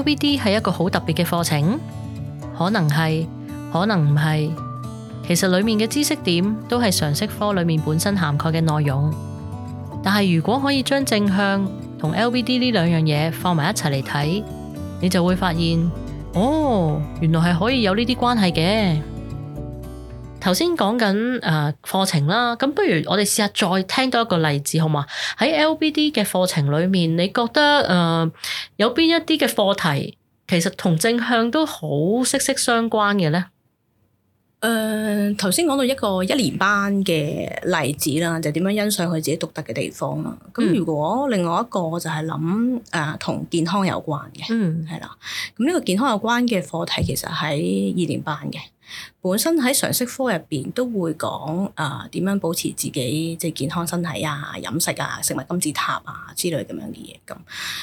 LBD 係一個好特別嘅課程，可能係，可能唔係。其實裏面嘅知識點都係常識科裏面本身涵蓋嘅內容。但係如果可以將正向同 LBD 呢兩樣嘢放埋一齊嚟睇，你就會發現，哦，原來係可以有呢啲關係嘅。頭先講緊誒課程啦，咁不如我哋試下再聽多一個例子好嗎？喺 LBD 嘅課程裡面，你覺得誒、呃、有邊一啲嘅課題其實同正向都好息息相關嘅呢？誒頭先講到一個一年班嘅例子啦，就點、是、樣欣賞佢自己獨特嘅地方啦。咁、嗯、如果另外一個就係諗誒同健康有關嘅，嗯，係啦。咁呢個健康有關嘅課題其實喺二年班嘅。本身喺常識科入邊都會講啊點樣保持自己即係健康身體啊飲食啊食物金字塔啊之類咁樣嘅嘢咁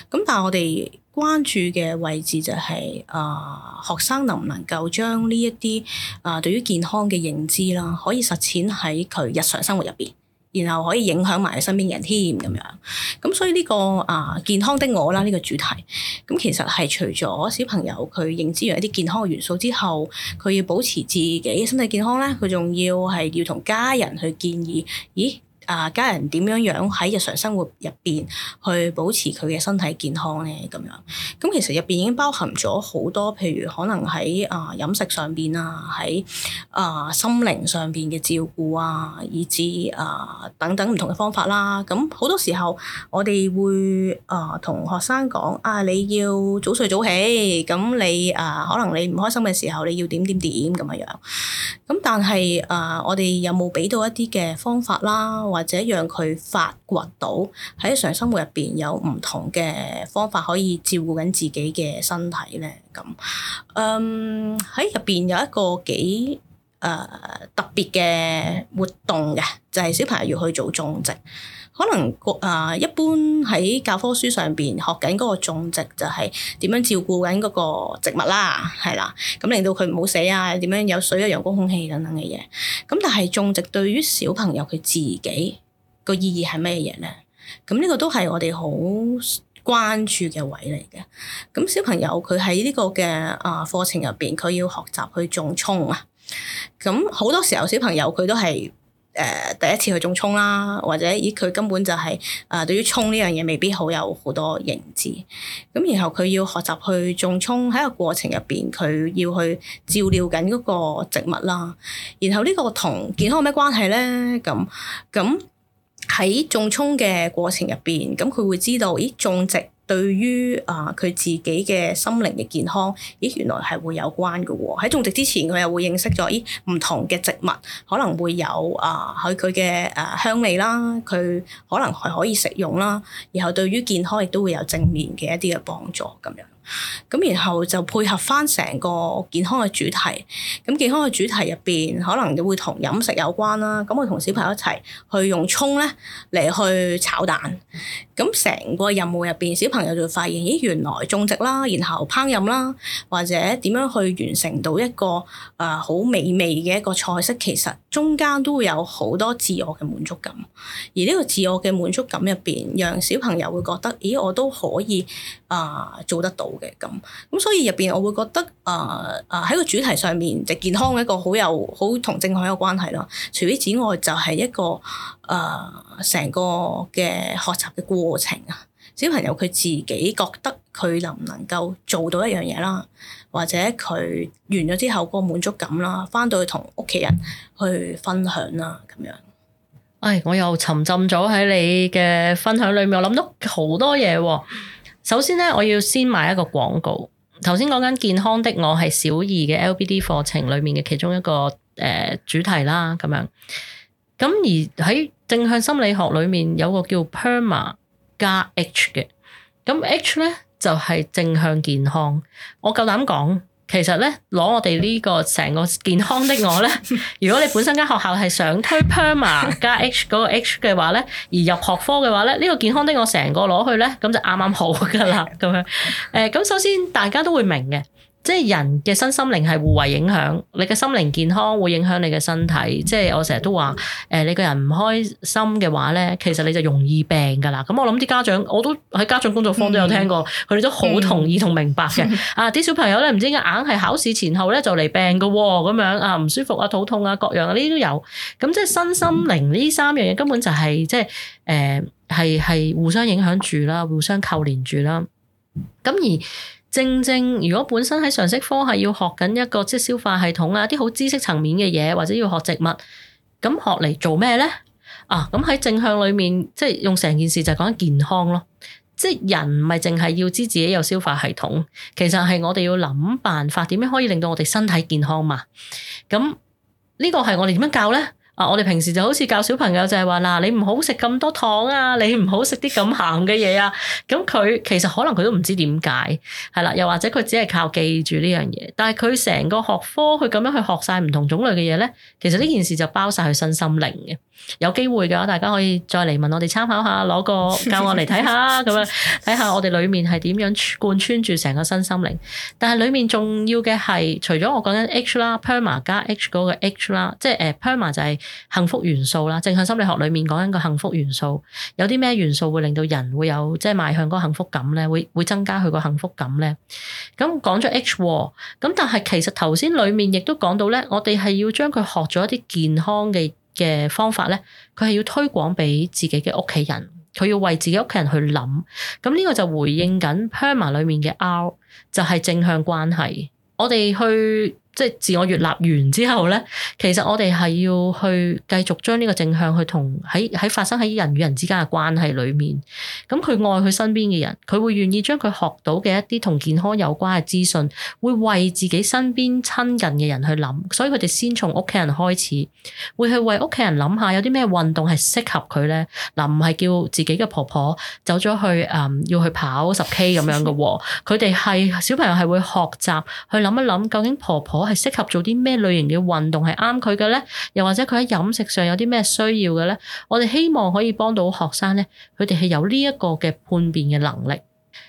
咁，但係我哋關注嘅位置就係、是、啊、呃、學生能唔能夠將呢一啲啊對於健康嘅認知啦，可以實踐喺佢日常生活入邊。然後可以影響埋身邊人添咁樣，咁所以呢個啊健康的我啦呢個主題，咁其實係除咗小朋友佢認知完一啲健康嘅元素之後，佢要保持自己身體健康咧，佢仲要係要同家人去建議，咦？啊，家人點樣樣喺日常生活入邊去保持佢嘅身體健康咧？咁樣咁、嗯、其實入邊已經包含咗好多，譬如可能喺啊飲食上邊啊，喺啊、呃、心靈上邊嘅照顧啊，以至啊、呃、等等唔同嘅方法啦。咁、嗯、好多時候我哋會啊同、呃、學生講啊，你要早睡早起，咁、嗯、你啊、呃、可能你唔開心嘅時候，你要點點點咁樣樣。咁、嗯、但係啊、呃，我哋有冇俾到一啲嘅方法啦？或者讓佢發掘到喺日常生活入邊有唔同嘅方法可以照顧緊自己嘅身體咧，咁，嗯，喺入邊有一個幾誒、呃、特別嘅活動嘅，就係、是、小朋友要去做種植。可能個、呃、一般喺教科書上邊學緊嗰個種植就係點樣照顧緊嗰個植物啦，係啦，咁令到佢唔好死啊，點樣有水啊，陽光、空氣等等嘅嘢。咁但係種植對於小朋友佢自己個意義係咩嘢咧？咁呢個都係我哋好關注嘅位嚟嘅。咁小朋友佢喺呢個嘅啊課程入邊，佢要學習去種葱啊。咁好多時候小朋友佢都係。誒、呃、第一次去種葱啦，或者咦佢根本就係、是、誒、呃、對於葱呢樣嘢未必好有好多認知，咁然後佢要學習去種葱喺個過程入邊，佢要去照料緊嗰個植物啦，然後呢個同健康有咩關係呢？咁咁喺種葱嘅過程入邊，咁佢會知道咦種植。對於啊佢自己嘅心靈嘅健康，咦原來係會有關嘅喎，哦。喺種植之前，佢又會認識咗咦唔同嘅植物，可能會有啊喺佢嘅誒香味啦，佢可能係可以食用啦，然後對於健康亦都會有正面嘅一啲嘅幫助咁樣。咁然後就配合返成個健康嘅主題，咁健康嘅主題入邊可能會同飲食有關啦。咁我同小朋友一齊去用葱咧嚟去炒蛋。咁成個任務入邊，小朋友就會發現，咦，原來種植啦，然後烹飪啦，或者點樣去完成到一個誒好、呃、美味嘅一個菜式，其實中間都會有好多自我嘅滿足感。而呢個自我嘅滿足感入邊，讓小朋友會覺得，咦，我都可以啊、呃、做得到嘅咁。咁所以入邊，我會覺得啊啊喺個主題上面，就健康嘅一個有好有好同正向嘅關係咯。除咗之外，就係一個。誒，成、uh, 個嘅學習嘅過程啊，小朋友佢自己覺得佢能唔能夠做到一樣嘢啦，或者佢完咗之後嗰個滿足感啦，返到去同屋企人去分享啦，咁樣。唉、哎，我又沉浸咗喺你嘅分享裏面，我諗到好多嘢。首先咧，我要先賣一個廣告。頭先講緊健康的我係小二嘅 LBD 課程裏面嘅其中一個誒、呃、主題啦，咁樣。咁而喺正向心理學裏面有個叫 PERMA 加 H 嘅，咁 H 呢就係、是、正向健康。我夠膽講，其實呢，攞我哋呢個成個健康的我呢，如果你本身間學校係想推 PERMA 加 H 嗰個 H 嘅話呢，而入學科嘅話呢，呢、這個健康的我成個攞去呢，咁就啱啱好噶啦，咁樣。誒、呃，咁首先大家都會明嘅。即係人嘅身心靈係互為影響，你嘅心靈健康會影響你嘅身體。即係我成日都話，誒、呃，你個人唔開心嘅話咧，其實你就容易病噶啦。咁我諗啲家長，我都喺家長工作坊都有聽過，佢哋、嗯、都好同意同明白嘅、嗯嗯啊。啊，啲小朋友咧，唔知點解硬係考試前後咧就嚟病噶，咁樣啊，唔舒服啊，肚痛啊，各樣呢啲都有。咁即係身心靈呢三樣嘢，根本就係、係、即係誒，係、呃、係互相影響住啦，互相扣連住啦。咁而。正正，如果本身喺常識科係要學緊一個即係消化系統啊，啲好知識層面嘅嘢，或者要學植物，咁學嚟做咩呢？啊，咁喺正向裏面，即係用成件事就講緊健康咯。即係人唔係淨係要知自己有消化系統，其實係我哋要諗辦法，點樣可以令到我哋身體健康嘛？咁呢個係我哋點樣教呢？啊！我哋平時就好似教小朋友就係話嗱，你唔好食咁多糖啊，你唔好食啲咁鹹嘅嘢啊。咁佢其實可能佢都唔知點解，係啦，又或者佢只係靠記住呢樣嘢。但係佢成個學科，佢咁樣去學晒唔同種類嘅嘢咧，其實呢件事就包晒佢身心靈嘅。有機會嘅話，大家可以再嚟問我哋參考下，攞個教案嚟睇下咁樣，睇下我哋裡面係點樣貫穿住成個身心靈。但係裡面重要嘅係，除咗我講緊 H 啦，Perma 加 H 嗰個 H 啦，即係誒 Perma 就係、是。幸福元素啦，正向心理學裏面講緊個幸福元素，有啲咩元素會令到人會有即係邁向嗰個幸福感咧？會會增加佢個幸福感咧？咁講咗 H，咁但係其實頭先裏面亦都講到咧，我哋係要將佢學咗一啲健康嘅嘅方法咧，佢係要推廣俾自己嘅屋企人，佢要為自己屋企人去諗，咁呢個就回應緊 Perma 裏面嘅 R，就係正向關係，我哋去。即係自我閲立完之後咧，其實我哋係要去繼續將呢個正向去同喺喺發生喺人與人之間嘅關係裏面，咁佢愛佢身邊嘅人，佢會願意將佢學到嘅一啲同健康有關嘅資訊，會為自己身邊親近嘅人去諗，所以佢哋先從屋企人開始，會去為屋企人諗下有啲咩運動係適合佢咧。嗱、呃，唔係叫自己嘅婆婆走咗去誒、嗯、要去跑十 K 咁樣嘅喎。佢哋係小朋友係會學習去諗一諗究竟婆婆。係適合做啲咩類型嘅運動係啱佢嘅咧？又或者佢喺飲食上有啲咩需要嘅咧？我哋希望可以幫到學生咧，佢哋係有呢一個嘅判別嘅能力。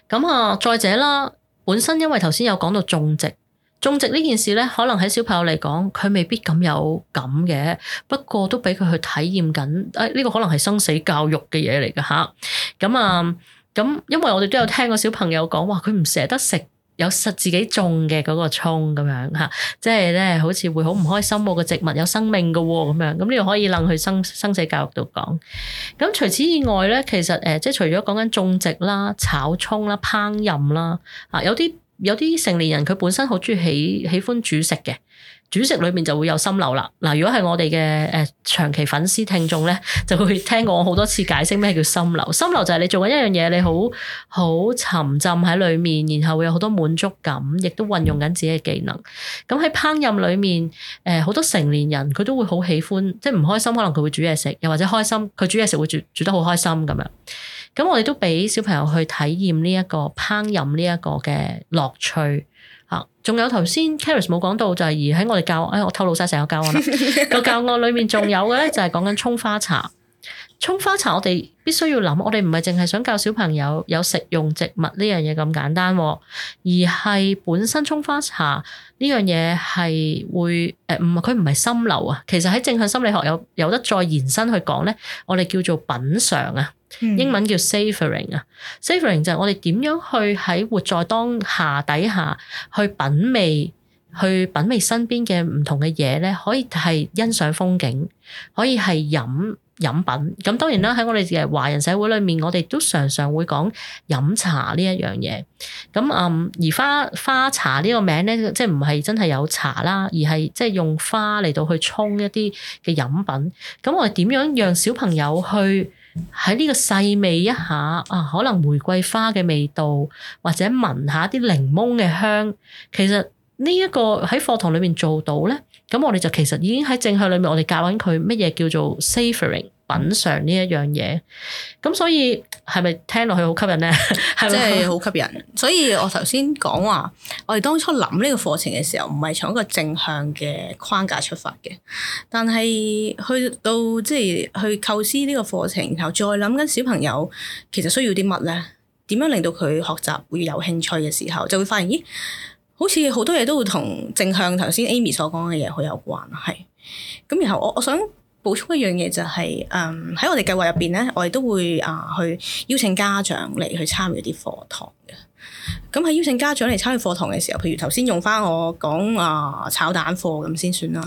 咁啊，再者啦，本身因為頭先有講到種植，種植呢件事咧，可能喺小朋友嚟講，佢未必咁有感嘅。不過都俾佢去體驗緊。誒、哎、呢、這個可能係生死教育嘅嘢嚟㗎吓。咁啊，咁因為我哋都有聽過小朋友講話，佢唔捨得食。有實自己種嘅嗰、那個葱咁樣嚇，即係咧好似會好唔開心喎。個植物有生命嘅喎，咁樣咁呢個可以撚去生生死教育度講。咁除此以外咧，其實誒即係除咗講緊種植啦、炒葱啦、烹飪啦，啊有啲有啲成年人佢本身好鍾意喜歡喜歡煮食嘅。煮食裏面就會有心流啦。嗱，如果係我哋嘅誒長期粉絲聽眾咧，就會聽過我好多次解釋咩叫心流。心流就係你做緊一樣嘢，你好好沉浸喺裏面，然後會有好多滿足感，亦都運用緊自己嘅技能。咁喺烹飪裏面，誒好多成年人佢都會好喜歡，即係唔開心可能佢會煮嘢食，又或者開心佢煮嘢食會煮煮得好開心咁樣。咁我哋都俾小朋友去體驗呢一個烹飪呢一個嘅樂趣。仲有頭先 Karis 冇講到就係而喺我哋教案，哎，我透露晒成個教案啦。個 教案裏面仲有嘅咧就係講緊沖花茶。沖花茶我哋必須要諗，我哋唔係淨係想教小朋友有食用植物呢樣嘢咁簡單，啊，而係本身沖花茶呢樣嘢係會誒唔佢唔係心流啊。其實喺正向心理學有有得再延伸去講咧，我哋叫做品嘗啊。英文叫 savoring 啊，嗯，savoring 就係我哋點樣去喺活在當下底下去品味，去品味身邊嘅唔同嘅嘢咧，可以係欣賞風景，可以係飲飲品。咁當然啦，喺我哋嘅華人社會裏面，我哋都常常會講飲茶呢一樣嘢。咁嗯，而花花茶呢個名咧，即係唔係真係有茶啦，而係即係用花嚟到去沖一啲嘅飲品。咁我哋點樣讓小朋友去，喺呢個細味一下啊，可能玫瑰花嘅味道，或者聞下啲檸檬嘅香，其實呢一個喺課堂裏面做到咧，咁我哋就其實已經喺正向裏面，我哋教緊佢乜嘢叫做 savoring。品嚐呢一樣嘢，咁所以係咪聽落去好吸引呢？係咪即係好吸引？所以我頭先講話，我哋當初諗呢個課程嘅時候，唔係從一個正向嘅框架出發嘅，但係去到即係去構思呢個課程，然後再諗緊小朋友其實需要啲乜呢？點樣令到佢學習會有興趣嘅時候，就會發現咦，好似好多嘢都會同正向頭先 Amy 所講嘅嘢好有關係。咁然後我我想補充一樣嘢就係、是，誒、嗯、喺我哋計劃入邊咧，我哋都會啊去、呃、邀請家長嚟去參與啲課堂嘅。咁喺邀請家長嚟參與課堂嘅時候，譬如頭先用翻我講啊、呃、炒蛋課咁先算啦。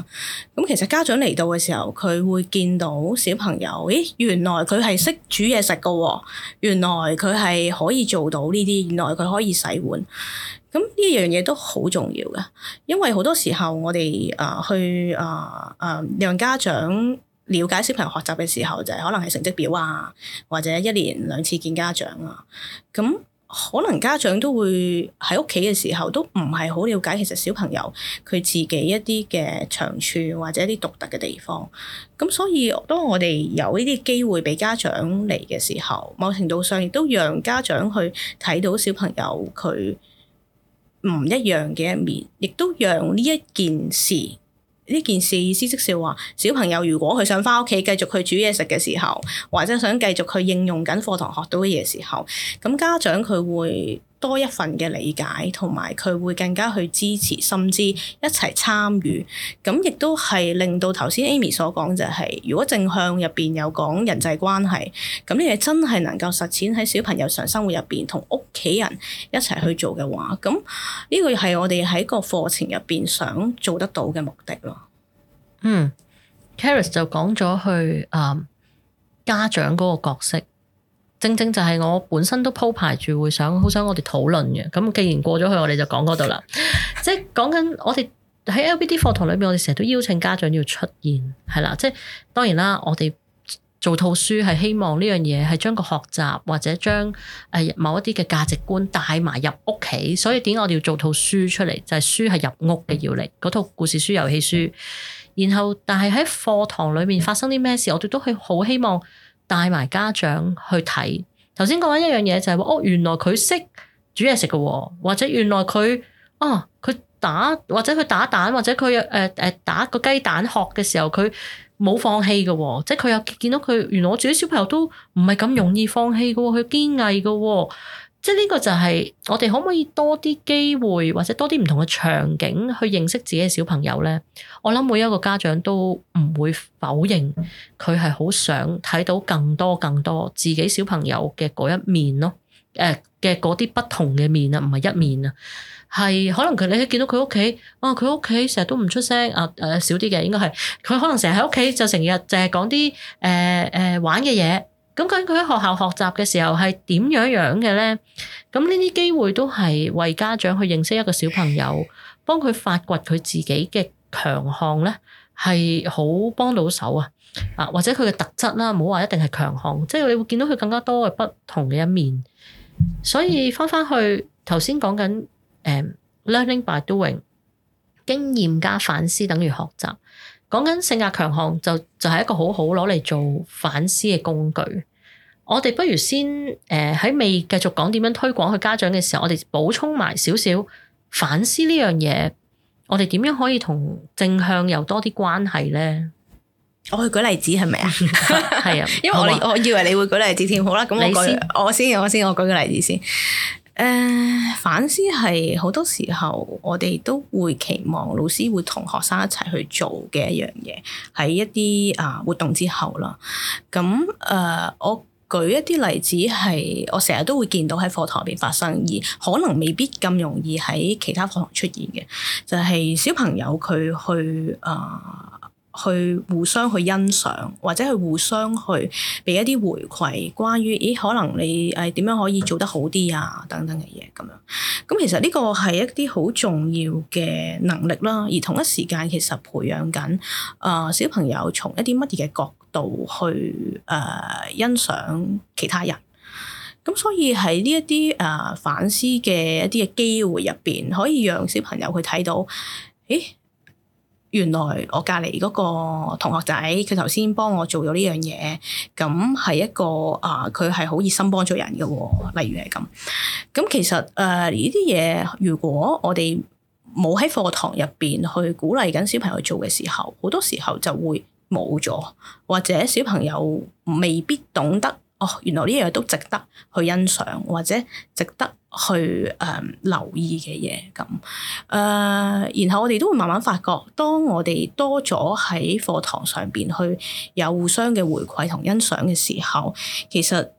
咁、嗯、其實家長嚟到嘅時候，佢會見到小朋友，咦，原來佢係識煮嘢食㗎喎，原來佢係可以做到呢啲，原來佢可以洗碗。咁呢樣嘢都好重要嘅，因為好多時候我哋啊去啊啊讓家長了解小朋友學習嘅時候，就係、是、可能係成績表啊，或者一年兩次見家長啊。咁、嗯、可能家長都會喺屋企嘅時候都唔係好了解其實小朋友佢自己一啲嘅長處或者一啲獨特嘅地方。咁、嗯、所以當我哋有呢啲機會俾家長嚟嘅時候，某程度上亦都讓家長去睇到小朋友佢唔一樣嘅一面，亦都讓呢一件事，呢件事意思即係話，小朋友如果佢想返屋企繼續去煮嘢食嘅時候，或者想繼續去應用緊課堂學到嘅嘢嘅時候，咁家長佢會多一份嘅理解，同埋佢會更加去支持，甚至一齊參與。咁亦都係令到頭先 Amy 所講就係，如果正向入邊有講人際關係，咁你哋真係能夠實踐喺小朋友日常生活入邊同屋企人一齊去做嘅話，咁呢個係我哋喺個課程入邊想做得到嘅目的咯。嗯，Caris 就講咗去誒、um，家長嗰個角色。正正就係我本身都鋪排住會想，好想我哋討論嘅。咁既然過咗去，我哋就講嗰度啦。即係講緊我哋喺 LBD 課堂裏面，我哋成日都邀請家長要出現，係啦。即係當然啦，我哋做套書係希望呢樣嘢係將個學習或者將誒某一啲嘅價值觀帶埋入屋企。所以點解我哋要做套書出嚟，就係書係入屋嘅要嚟。嗰套故事書、遊戲書，然後但係喺課堂裏面發生啲咩事，我哋都係好希望。帶埋家長去睇，頭先講緊一樣嘢就係話，哦，原來佢識煮嘢食嘅，或者原來佢啊佢打或者佢打蛋或者佢誒誒打個雞蛋殼嘅時候，佢冇放棄㗎喎，即係佢又見到佢，原來我自己小朋友都唔係咁容易放棄㗎喎，佢堅毅㗎喎。即係呢個就係我哋可唔可以多啲機會或者多啲唔同嘅場景去認識自己嘅小朋友呢？我諗每一個家長都唔會否認佢係好想睇到更多更多自己小朋友嘅嗰一面咯。誒嘅嗰啲不同嘅面，面啊，唔係一面啊，係、啊、可能佢你見到佢屋企啊，佢屋企成日都唔出聲啊誒少啲嘅應該係佢可能成日喺屋企就成日淨係講啲誒誒玩嘅嘢，究竟佢喺學校學習嘅時候係點樣樣嘅呢？咁呢啲機會都係為家長去認識一個小朋友，幫佢發掘佢自己嘅強項呢係好幫到手啊！啊，或者佢嘅特質啦，唔好話一定係強項，即係你會見到佢更加多嘅不同嘅一面。所以翻翻去頭先講緊、嗯、learning by doing 經驗加反思等於學習，講緊性格強項就就係一個好好攞嚟做反思嘅工具。我哋不如先誒喺未繼續講點樣推廣佢家長嘅時候，我哋補充埋少少反思呢樣嘢。我哋點樣可以同正向有多啲關係咧？我去舉例子係咪 啊？係啊，因為我吧我以為你會舉例子添，好啦，咁我先，你先我先我先，我，先，我，先我舉個例子先。誒、uh，反思係好多時候我哋都會期望老師會同學生一齊去做嘅一樣嘢，喺一啲啊、uh, 活動之後啦。咁誒、uh, 我。舉一啲例子係我成日都會見到喺課堂入邊發生，而可能未必咁容易喺其他課堂出現嘅，就係、是、小朋友佢去啊、呃，去互相去欣賞，或者去互相去俾一啲回饋，關於咦，可能你誒點樣可以做得好啲啊，等等嘅嘢咁樣。咁其實呢個係一啲好重要嘅能力啦，而同一時間其實培養緊啊、呃、小朋友從一啲乜嘢嘅角度去誒、呃、欣賞其他人，咁所以喺呢一啲誒反思嘅一啲嘅機會入邊，可以讓小朋友去睇到，咦，原來我隔離嗰個同學仔，佢頭先幫我做咗呢樣嘢，咁係一個啊，佢係好熱心幫助人嘅喎。例如係咁，咁其實誒呢啲嘢，如果我哋冇喺課堂入邊去鼓勵緊小朋友做嘅時候，好多時候就會。.冇咗，或者小朋友未必懂得哦。原來呢樣都值得去欣賞，或者值得去誒、嗯、留意嘅嘢咁。誒、呃，然後我哋都會慢慢發覺，當我哋多咗喺課堂上邊去有互相嘅回饋同欣賞嘅時候，其實。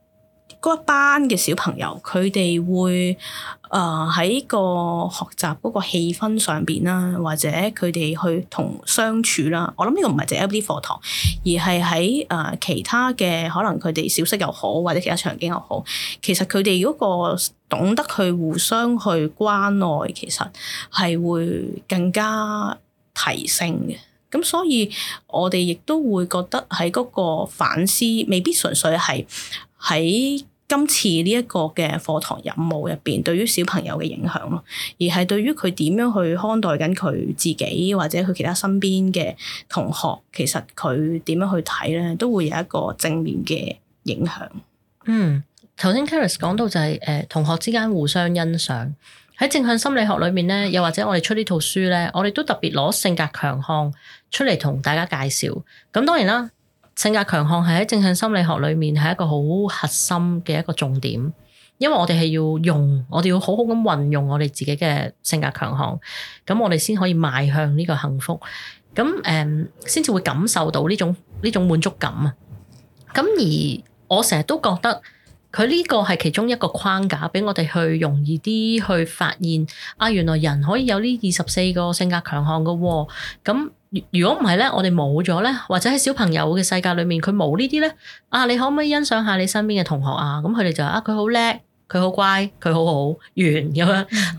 嗰一班嘅小朋友，佢哋會誒喺、呃、個學習嗰個氣氛上邊啦，或者佢哋去同相處啦。我諗呢個唔係淨係喺啲課堂，而係喺誒其他嘅可能佢哋小息又好，或者其他場景又好。其實，佢哋嗰個懂得去互相去關愛，其實係會更加提升嘅。咁所以我哋亦都會覺得喺嗰個反思未必純粹係喺。今次呢一個嘅課堂任務入邊，對於小朋友嘅影響咯，而係對於佢點樣去看待緊佢自己或者佢其他身邊嘅同學，其實佢點樣去睇呢，都會有一個正面嘅影響。嗯，頭先 Karis 講到就係、是、誒、呃、同學之間互相欣賞喺正向心理學裏面呢，又或者我哋出呢套書呢，我哋都特別攞性格強項出嚟同大家介紹。咁當然啦。性格強項係喺正向心理學裏面係一個好核心嘅一個重點，因為我哋係要用，我哋要好好咁運用我哋自己嘅性格強項，咁我哋先可以邁向呢個幸福，咁誒先至會感受到呢種呢種滿足感啊！咁而我成日都覺得佢呢個係其中一個框架，俾我哋去容易啲去發現啊，原來人可以有呢二十四個性格強項嘅喎、哦，咁。如果唔係咧，我哋冇咗咧，或者喺小朋友嘅世界裏面，佢冇呢啲咧，啊，你可唔可以欣賞下你身邊嘅同學啊？咁佢哋就話啊，佢好叻，佢好乖，佢好好完咁樣，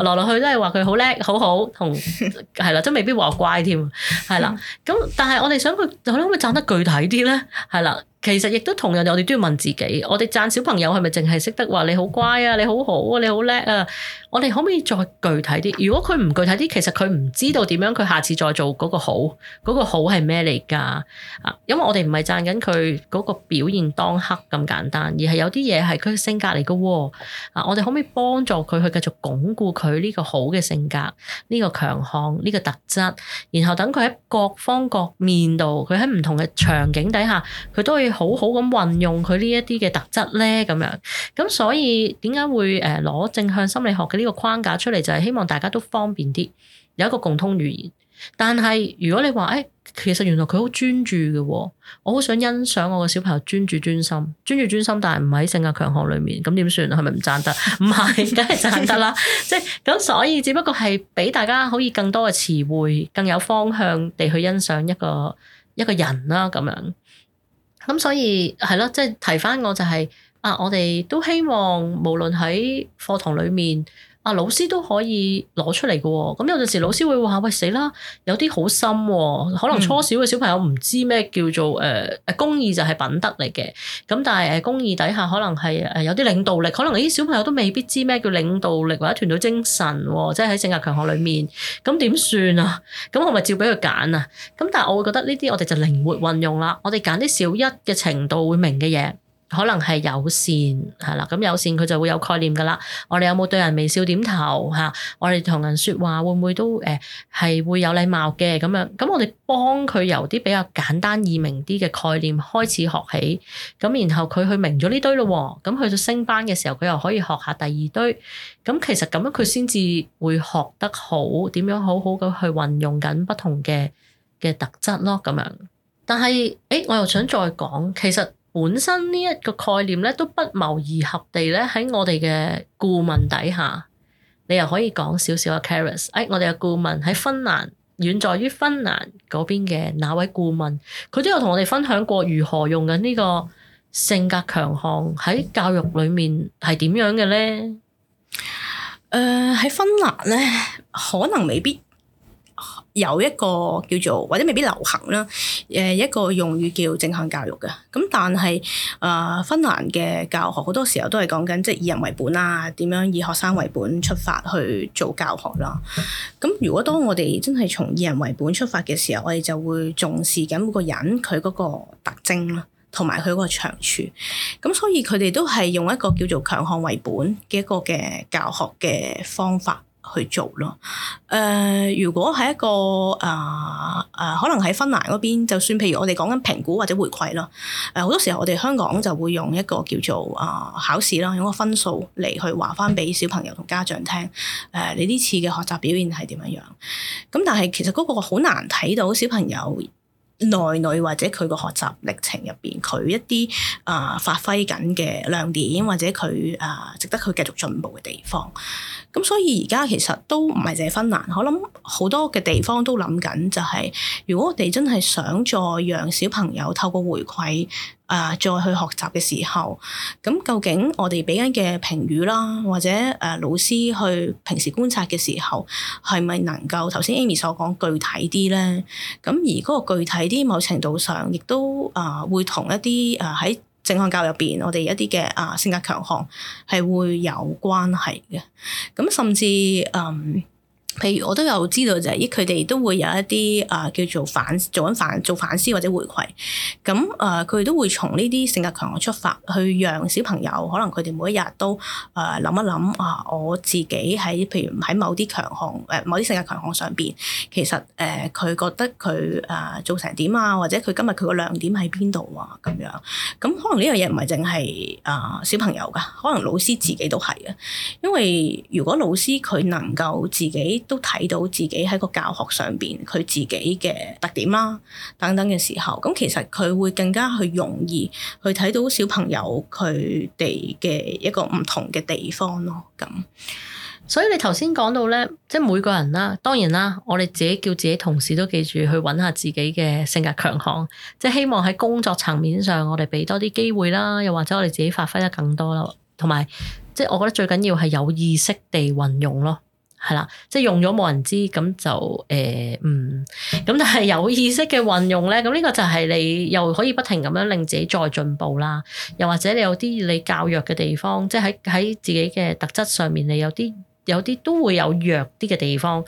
來來去去都係話佢好叻，好好同係啦，都未必話乖添，係啦。咁但係我哋想佢，可唔可以讚得具體啲咧？係啦。其實亦都同樣，我哋都要問自己：我哋讚小朋友係咪淨係識得話你好乖啊、你好好啊、你好叻啊？我哋可唔可以再具體啲？如果佢唔具體啲，其實佢唔知道點樣佢下次再做嗰個好嗰個好係咩嚟㗎？因為我哋唔係讚緊佢嗰個表現當刻咁簡單，而係有啲嘢係佢性格嚟㗎喎。啊，我哋可唔可以幫助佢去繼續鞏固佢呢個好嘅性格、呢個強項、呢個特質，然後等佢喺各方各面度，佢喺唔同嘅場景底下，佢都可以。好好咁運用佢呢一啲嘅特質呢，咁樣，咁所以點解會誒攞正向心理學嘅呢個框架出嚟，就係、是、希望大家都方便啲，有一個共通語言。但係如果你話誒、欸，其實原來佢好專注嘅，我好想欣賞我嘅小朋友專注專心，專注專心，但係唔喺性格強項裏面，咁點算啊？係咪唔讚得？唔係， 梗係讚得啦。即係咁，所以只不過係俾大家可以更多嘅詞彙，更有方向地去欣賞一個一個人啦，咁樣。咁所以係咯，即係提翻我就係，啊，我哋都希望無論喺課堂裡面。啊！老師都可以攞出嚟嘅、哦，咁有陣時老師會話：喂，死啦，有啲好深、哦，可能初小嘅小朋友唔知咩叫做誒誒、呃、公義就係品德嚟嘅。咁但係誒、呃、公義底下可能係誒、呃、有啲領導力，可能啲小朋友都未必知咩叫領導力或者團隊精神、哦，即係喺性格強項裏面，咁點算啊？咁 我咪照俾佢揀啊？咁但係我會覺得呢啲我哋就靈活運用啦，我哋揀啲小一嘅程度會明嘅嘢。可能係友善係啦，咁友善佢就會有概念噶啦。我哋有冇對人微笑點頭吓？我哋同人説話會唔會都誒係、呃、會有禮貌嘅咁樣？咁我哋幫佢由啲比較簡單易明啲嘅概念開始學起，咁然後佢去明咗呢堆咯。咁去到升班嘅時候，佢又可以學下第二堆。咁其實咁樣佢先至會學得好，點樣好好咁去運用緊不同嘅嘅特質咯。咁樣，但係誒、欸，我又想再講，其實。本身呢一個概念咧都不謀而合地咧喺我哋嘅顧問底下，你又可以講少少嘅、啊、Karis 誒、哎，我哋嘅顧問喺芬蘭，遠在於芬蘭嗰邊嘅那位顧問，佢都有同我哋分享過如何用緊呢個性格強項喺教育裏面係點樣嘅咧？誒、呃，喺芬蘭咧，可能未必。有一個叫做或者未必流行啦，誒一個用語叫正向教育嘅。咁但係誒、呃、芬蘭嘅教學好多時候都係講緊即係以人為本啊，點樣以學生為本出發去做教學啦。咁如果當我哋真係從以人為本出發嘅時候，我哋就會重視緊每個人佢嗰個特徵啦，同埋佢嗰個長處。咁所以佢哋都係用一個叫做強項為本嘅一個嘅教學嘅方法。去做咯，誒、呃，如果係一個誒誒、呃呃，可能喺芬蘭嗰邊，就算譬如我哋講緊評估或者回饋咯，誒、呃，好多時候我哋香港就會用一個叫做誒、呃、考試咯，用個分數嚟去話翻俾小朋友同家長聽，誒、呃，你呢次嘅學習表現係點樣樣？咁但係其實嗰個好難睇到小朋友。內裏或者佢個學習歷程入邊，佢一啲啊、呃、發揮緊嘅亮點，或者佢啊、呃、值得佢繼續進步嘅地方。咁所以而家其實都唔係淨係芬蘭，我諗好多嘅地方都諗緊、就是，就係如果我哋真係想再讓小朋友透過回饋，誒再去學習嘅時候，咁究竟我哋俾緊嘅評語啦，或者誒老師去平時觀察嘅時候，係咪能夠頭先 Amy 所講具體啲咧？咁而嗰個具體啲，某程度上亦都誒、呃、會同一啲誒喺正向教育入邊，我哋一啲嘅啊性格強項係會有關係嘅。咁、呃、甚至誒。呃譬如我都有知道就係，咦佢哋都會有一啲啊、呃、叫做反做緊反做反思或者回饋，咁啊佢哋都會從呢啲性格強項出發，去讓小朋友可能佢哋每一日都啊諗、呃、一諗啊、呃、我自己喺譬如喺某啲強項誒、呃、某啲性格強項上邊，其實誒佢、呃、覺得佢啊、呃、做成點啊，或者佢今日佢個亮點喺邊度啊咁樣，咁可能呢樣嘢唔係淨係啊小朋友㗎，可能老師自己都係啊，因為如果老師佢能夠自己，自己都睇到自己喺個教學上邊佢自己嘅特點啦，等等嘅時候，咁其實佢會更加去容易去睇到小朋友佢哋嘅一個唔同嘅地方咯。咁所以你頭先講到咧，即係每個人啦，當然啦，我哋自己叫自己同事都記住去揾下自己嘅性格強項，即係希望喺工作層面上我哋俾多啲機會啦，又或者我哋自己發揮得更多啦，同埋即係我覺得最緊要係有意識地運用咯。係啦，即係用咗冇人知，咁就誒，嗯，咁但係有意識嘅運用咧，咁呢個就係你又可以不停咁樣令自己再進步啦。又或者你有啲你較弱嘅地方，即係喺喺自己嘅特質上面，你有啲有啲都會有弱啲嘅地方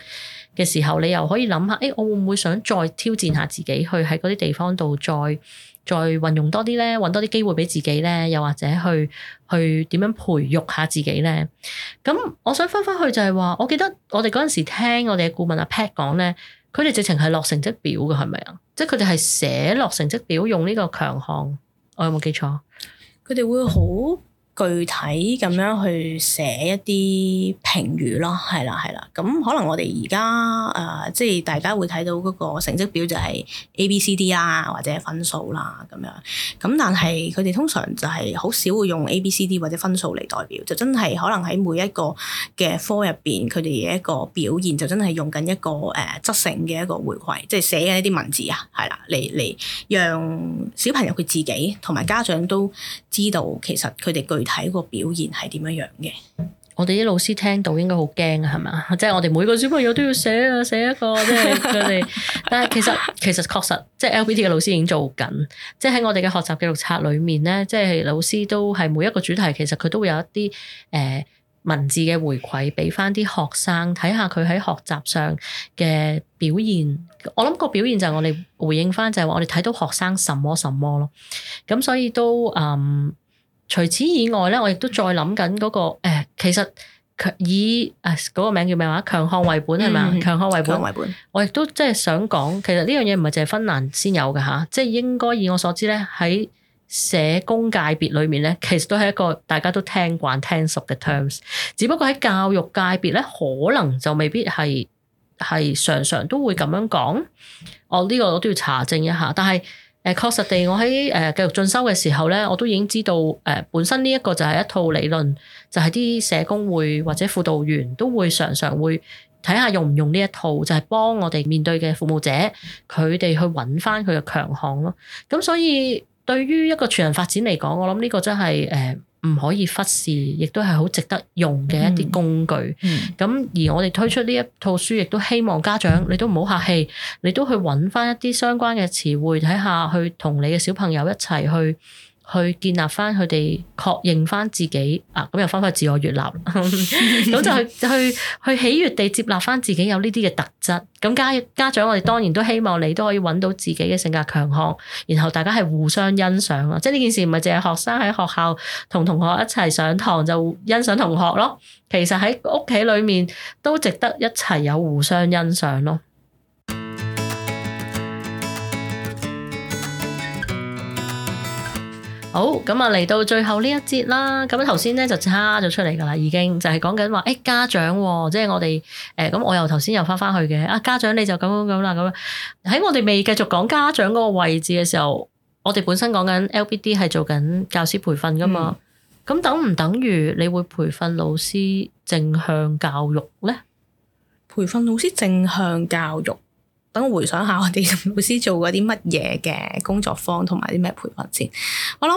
嘅時候，你又可以諗下，誒，我會唔會想再挑戰下自己，去喺嗰啲地方度再。再運用多啲咧，揾多啲機會俾自己咧，又或者去去點樣培育下自己咧。咁我想翻翻去就係話，我記得我哋嗰陣時聽我哋嘅顧問阿 Pat 講咧，佢哋直情係落成績表嘅，係咪啊？即係佢哋係寫落成績表，用呢個強項。我有冇記錯？佢哋會好。具體咁樣去寫一啲評語咯，係啦，係啦。咁可能我哋而家誒，即係大家會睇到嗰個成績表就係 A、B、C、D 啦，或者分數啦咁樣。咁但係佢哋通常就係好少會用 A、B、C、D 或者分數嚟代表，就真係可能喺每一個嘅科入邊，佢哋嘅一個表現就真係用緊一個誒質性嘅一個回饋，即係寫嘅一啲文字啊，係啦，嚟嚟讓小朋友佢自己同埋家長都知道其實佢哋具。睇個表現係點樣樣嘅，我哋啲老師聽到應該好驚啊，係嘛？即係我哋每個小朋友都要寫啊，寫一個即係佢哋。 但係其實其實確實，即係 LBD 嘅老師已經做緊，即係喺我哋嘅學習記錄冊裏面呢，即係老師都係每一個主題，其實佢都會有一啲誒、呃、文字嘅回饋，俾翻啲學生睇下佢喺學習上嘅表現。我諗個表現就係我哋回應翻，就係話我哋睇到學生什麼什麼咯。咁所以都嗯。除此以外咧，我亦都再諗緊嗰個誒、哎，其實以誒嗰、啊嗰個名叫咩話，強項為本係咪？強項為本。是是強項為本？嗯、強項為本。我亦都即係想講，其實呢樣嘢唔係淨係芬蘭先有嘅嚇，即係應該以我所知咧，喺社工界別裏面咧，其實都係一個大家都聽慣聽熟嘅 terms，只不過喺教育界別咧，可能就未必係係常常都會咁樣講。我呢個我都要查證一下，但係。誒確實地，我喺誒繼續進修嘅時候咧，我都已經知道誒、呃、本身呢一個就係一套理論，就係、是、啲社工會或者輔導員都會常常會睇下用唔用呢一套，就係、是、幫我哋面對嘅服務者佢哋去揾返佢嘅強項咯。咁所以對於一個全人發展嚟講，我諗呢個真係誒。呃唔可以忽視，亦都係好值得用嘅一啲工具。咁、嗯嗯、而我哋推出呢一套書，亦都希望家長你都唔好客氣，你都去揾返一啲相關嘅詞彙，睇下去同你嘅小朋友一齊去。去建立翻佢哋確認翻自己啊，咁又翻翻自我悦納，咁 就 去去，去喜悦地接納翻自己有呢啲嘅特質。咁家家長我哋當然都希望你都可以揾到自己嘅性格強項，然後大家係互相欣賞啊！即係呢件事唔係淨係學生喺學校同同學一齊上堂就欣賞同學咯，其實喺屋企裏面都值得一齊有互相欣賞咯。好，咁啊嚟到最後呢一節啦，咁啊頭先咧就叉咗出嚟噶啦，已經就係講緊話誒家長、哦，即係我哋誒咁，我又頭先又翻翻去嘅啊家長，你就咁樣咁啦咁，喺我哋未繼續講家長嗰個位置嘅時候，我哋本身講緊 LBD 係做緊教師培訓噶嘛，咁、嗯、等唔等於你會培訓老師正向教育咧？培訓老師正向教育。等回想下我哋老師做嗰啲乜嘢嘅工作坊同埋啲咩培訓先，我諗。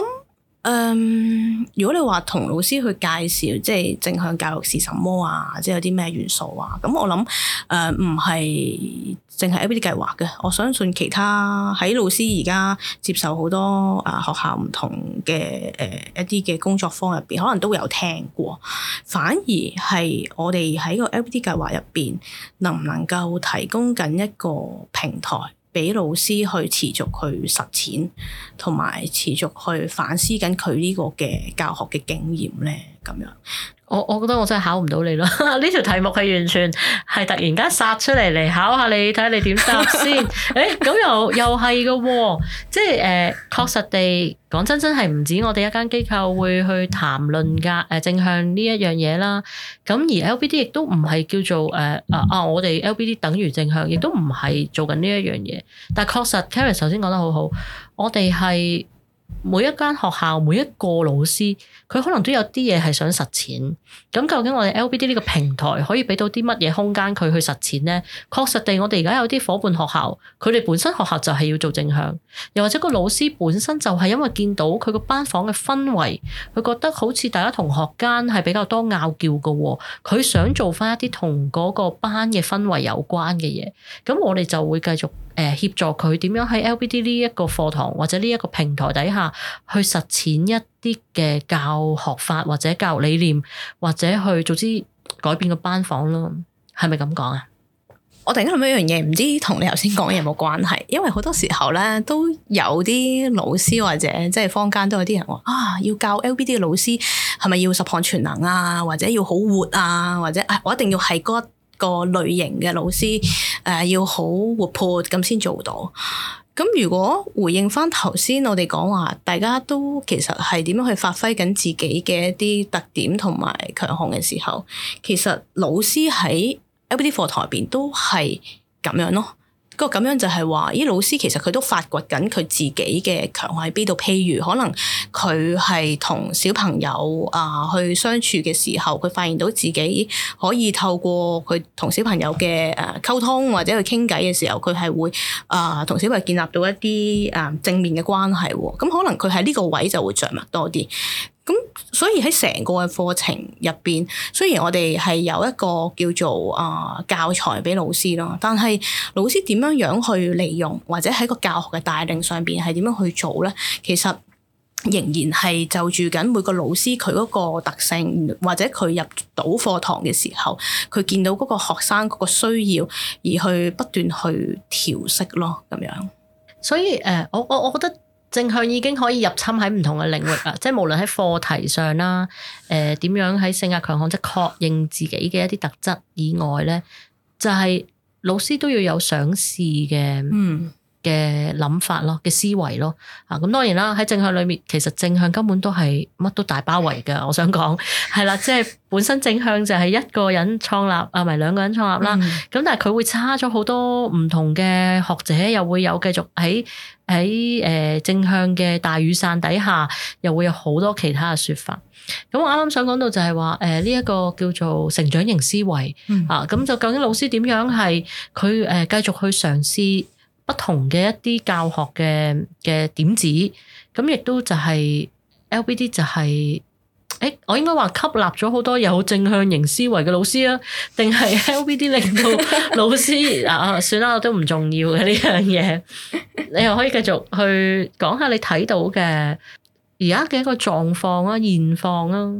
誒，um, 如果你話同老師去介紹，即係正向教育是什麼啊？即係有啲咩元素啊？咁我諗誒，唔係淨係 LBD 計劃嘅。我相信其他喺老師而家接受好多啊學校唔同嘅誒、呃、一啲嘅工作坊入邊，可能都有聽過。反而係我哋喺個 LBD 計劃入邊，能唔能夠提供緊一個平台？俾老師去持續去實踐，同埋持續去反思緊佢呢個嘅教學嘅經驗咧，咁樣。我我覺得我真係考唔到你咯！呢條題目係完全係突然間殺出嚟嚟考下你，睇下你點答先？ 誒咁又又係嘅喎，即係誒、呃、確實地講真真係唔止我哋一間機構會去談論㗎誒、呃、正向呢一樣嘢啦。咁而 LBD 亦都唔係叫做誒啊、呃、啊！我哋 LBD 等於正向，亦都唔係做緊呢一樣嘢。但係確實 Karen 首先講得好好，我哋係每一間學校，每一個老師。佢可能都有啲嘢係想實踐。咁究竟我哋 LBD 呢個平台可以俾到啲乜嘢空間佢去實踐呢？確實地，我哋而家有啲夥伴學校，佢哋本身學校就係要做正向，又或者個老師本身就係因為見到佢個班房嘅氛圍，佢覺得好似大家同學間係比較多拗撬嘅，佢想做翻一啲同嗰個班嘅氛圍有關嘅嘢。咁我哋就會繼續誒協、呃、助佢點樣喺 LBD 呢一個課堂或者呢一個平台底下去實踐一。啲嘅教學法或者教理念，或者去總之改變個班房咯，係咪咁講啊？我突然間諗起一樣嘢，唔知同你頭先講嘢有冇關係？因為好多時候咧都有啲老師或者即係坊間都有啲人話啊，要教 LBD 嘅老師係咪要十項全能啊，或者要好活啊，或者我一定要係嗰一個類型嘅老師，誒、呃、要好活潑咁先做到。咁如果回應翻頭先，我哋講話大家都其實係點樣去發揮緊自己嘅一啲特點同埋強項嘅時候，其實老師喺 LBD 課堂入邊都係咁樣咯。不過咁樣就係話，啲老師其實佢都發掘緊佢自己嘅強項喺邊度。譬如可能佢係同小朋友啊、呃、去相處嘅時候，佢發現到自己可以透過佢同小朋友嘅誒、呃、溝通或者去傾偈嘅時候，佢係會啊同、呃、小朋友建立到一啲誒、呃、正面嘅關係。咁、呃、可能佢喺呢個位就會着墨多啲。咁、嗯、所以喺成個嘅課程入邊，雖然我哋係有一個叫做啊、呃、教材俾老師咯，但係老師點樣樣去利用，或者喺個教學嘅帶領上邊係點樣去做咧？其實仍然係就住緊每個老師佢嗰個特性，或者佢入到課堂嘅時候，佢見到嗰個學生嗰個需要，而去不斷去調適咯，咁樣。所以誒、呃，我我我覺得。正向已經可以入侵喺唔同嘅領域啦，即係無論喺課題上啦，誒、呃、點樣喺性格強項，即係確認自己嘅一啲特質以外呢，就係、是、老師都要有想試嘅。嗯嘅諗法咯，嘅思維咯，啊咁當然啦，喺正向裏面，其實正向根本都係乜都大包圍嘅。我想講係啦，即係本身正向就係一個人創立，啊唔係兩個人創立啦。咁、嗯、但係佢會差咗好多唔同嘅學者，又會有繼續喺喺誒正向嘅大雨傘底下，又會有好多其他嘅説法。咁我啱啱想講到就係話，誒呢一個叫做成長型思維、嗯、啊，咁就究竟老師點樣係佢誒繼續去嘗試？不同嘅一啲教學嘅嘅點子，咁亦都就係 LBD 就係、是，誒、欸，我應該話吸納咗好多有正向型思維嘅老師啊，定係 LBD 令到老師 啊？算啦，都唔重要嘅呢樣嘢。你又可以繼續去講下你睇到嘅，而家嘅一個狀況啊、現況啊。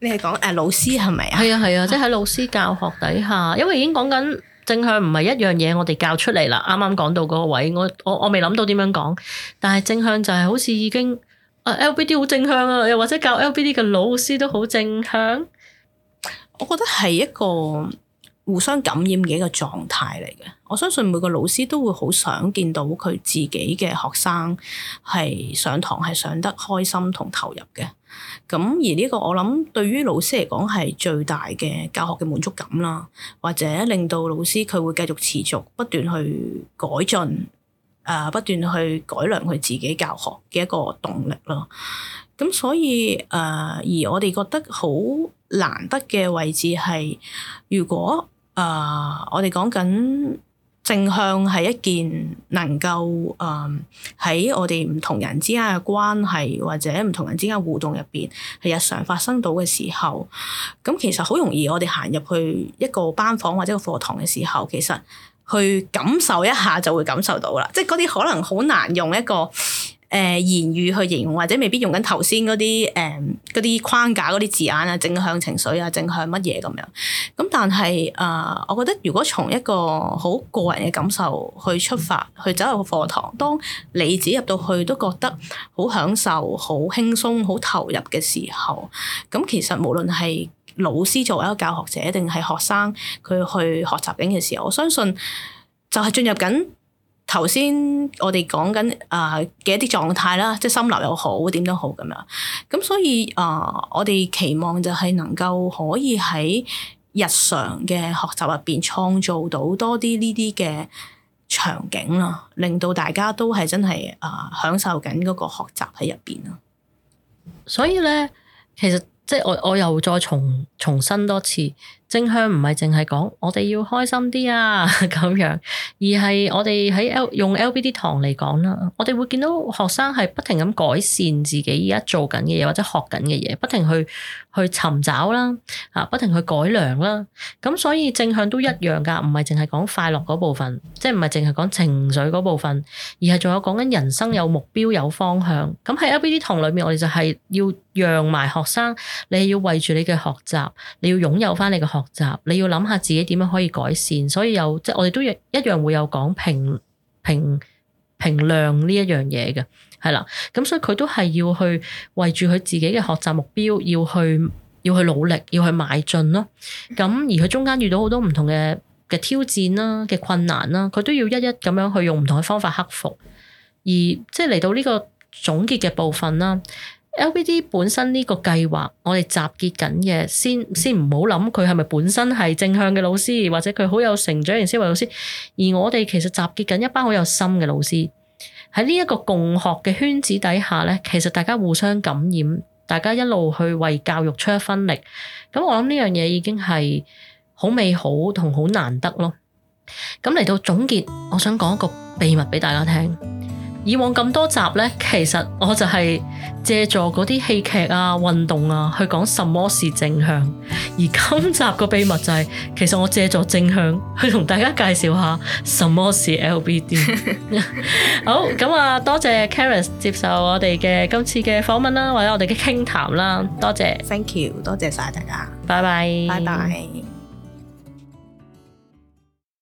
你係講誒老師係咪啊？係啊係啊，即係喺老師教學底下，因為已經講緊。正向唔係一樣嘢，我哋教出嚟啦。啱啱講到嗰個位，我我我未諗到點樣講，但係正向就係好似已經，啊，LBD 好正向啊，又或者教 LBD 嘅老師都好正向，我覺得係一個互相感染嘅一個狀態嚟嘅，我相信每個老師都會好想見到佢自己嘅學生係上堂係上得開心同投入嘅，咁而呢個我諗對於老師嚟講，係最大嘅教學嘅滿足感啦，或者令到老師，佢會繼續持續不斷去改進誒，不斷去改良佢自己教學嘅一個動力咯。咁所以誒，而我哋覺得好難得嘅位置係如果誒，uh, 我哋講緊正向係一件能夠誒喺我哋唔同人之間嘅關係或者唔同人之間互動入邊係日常發生到嘅時候，咁其實好容易我哋行入去一個班房或者個課堂嘅時候，其實去感受一下就會感受到啦，即係嗰啲可能好難用一個，誒、呃、言語去形容或者未必用緊頭先嗰啲誒啲框架嗰啲字眼啊，正向情緒啊，正向乜嘢咁樣。咁但係啊、呃，我覺得如果從一個好個人嘅感受去出發，去走入個課堂，當你自己入到去都覺得好享受、好輕鬆、好投入嘅時候，咁其實無論係老師作為一個教學者，定係學生佢去學習緊嘅時候，我相信就係進入緊。頭先我哋講緊啊嘅一啲狀態啦，即係心流又好，點都好咁樣。咁所以啊、呃，我哋期望就係能夠可以喺日常嘅學習入邊創造到多啲呢啲嘅場景啦，令到大家都係真係啊、呃、享受緊嗰個學習喺入邊啦。所以咧，其實即係我我又再重重申多次。正向唔係淨係講我哋要開心啲啊咁樣，而係我哋喺用 LBD 堂嚟講啦。我哋會見到學生係不停咁改善自己而家做緊嘅嘢或者學緊嘅嘢，不停去去尋找啦，啊，不停去改良啦。咁所以正向都一樣噶，唔係淨係講快樂嗰部分，即係唔係淨係講情緒嗰部分，而係仲有講緊人生有目標有方向。咁喺 LBD 堂裏面，我哋就係要讓埋學生，你係要為住你嘅學習，你要擁有翻你嘅。你學習，你要諗下自己點樣可以改善。所以有即係我哋都一樣會有講評評評量呢一樣嘢嘅，係啦，咁所以佢都係要去為住佢自己嘅學習目標，要去要去努力，要去邁進咯。咁而佢中間遇到好多唔同嘅嘅挑戰啦，嘅困難啦，佢都要一一咁樣去用唔同嘅方法克服。而即係嚟到呢個總結嘅部分啦。LBD 本身呢個計劃，我哋集結緊嘅，先先唔好諗佢係咪本身係正向嘅老師，或者佢好有成長型思維老師。而我哋其實集結緊一班好有心嘅老師，喺呢一個共學嘅圈子底下呢，其實大家互相感染，大家一路去為教育出一分力。咁我諗呢樣嘢已經係好美好同好難得咯。咁嚟到總結，我想講一個秘密俾大家聽。以往咁多集呢，其實我就係借助嗰啲戲劇啊、運動啊去講什麼是正向，而今集個秘密就係、是，其實我借助正向去同大家介紹下什麼是 LBD。 好，咁啊，多謝 Caris 接受我哋嘅今次嘅訪問啦，啊，或者我哋嘅傾談啦，多謝。Thank you，多謝晒大家，拜拜 bye，拜拜。